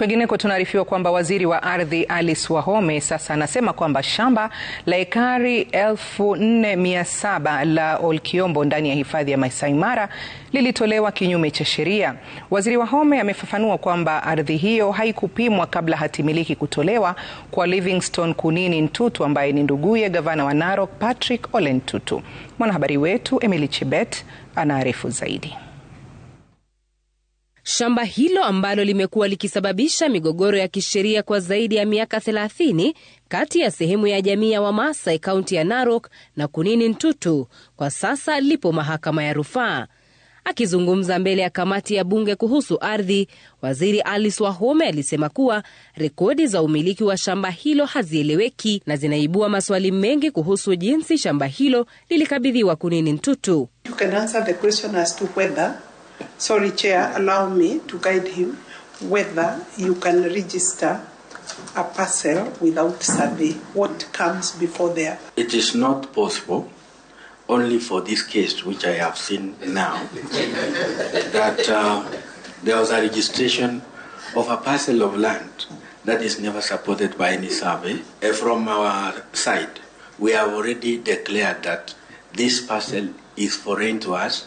Kwengineko tunaarifiwa kwamba waziri wa ardhi Alice Wahome sasa anasema kwamba shamba la ekari 4700 la Olkiombo ndani ya hifadhi ya Masai Mara lilitolewa kinyume cha sheria. Waziri Wahome amefafanua kwamba ardhi hiyo haikupimwa kabla hatimiliki kutolewa kwa Livingstone Kunini Ntutu ambaye ni nduguye gavana wa Narok Patrick Ole Ntutu. Mwanahabari wetu Emily Chebet anaarifu zaidi. Shamba hilo ambalo limekuwa likisababisha migogoro ya kisheria kwa zaidi ya miaka 30 kati ya sehemu ya jamii ya Wamasai kaunti ya Narok na Kunini Ntutu, kwa sasa lipo mahakama ya rufaa. Akizungumza mbele ya kamati ya bunge kuhusu ardhi, waziri Alice Wahome alisema kuwa rekodi za umiliki wa shamba hilo hazieleweki na zinaibua maswali mengi kuhusu jinsi shamba hilo lilikabidhiwa Kunini Ntutu. You can Sorry, Chair, allow me to guide him whether you can register a parcel without survey. What comes before there? It is not possible, only for this case which I have seen now, that uh, there was a registration of a parcel of land that is never supported by any survey. Uh, from our side, we have already declared that this parcel is foreign to us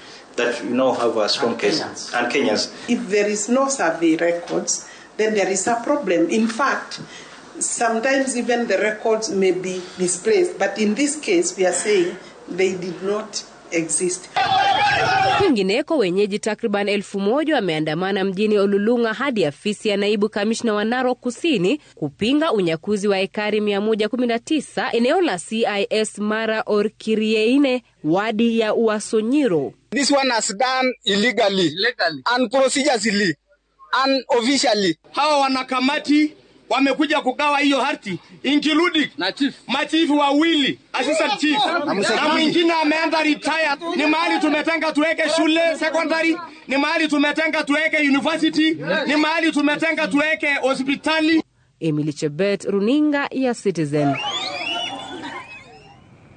that we now have as from Kenya and Kenyans. If there is no survey records, then there is a problem. In fact, sometimes even the records may be misplaced. But in this case, we are saying they did not exist. Kwingineko, wenyeji takriban elfu moja wameandamana mjini Olulunga hadi afisi ya naibu kamishna wa Narok Kusini kupinga unyakuzi wa ekari 119 eneo la CIS Mara Orkirieine wadi ya Uasonyiro. This one has done illegally, and procedurally, Hawa wanakamati wamekuja kugawa hiyo hati including machifu wawili assistant chief na mwingine ameenda retire. Ni mahali tumetenga tuweke shule secondary, ni mahali tumetenga tuweke university, ni mahali tumetenga tuweke hospitali. Emily Chebet, runinga ya Citizen.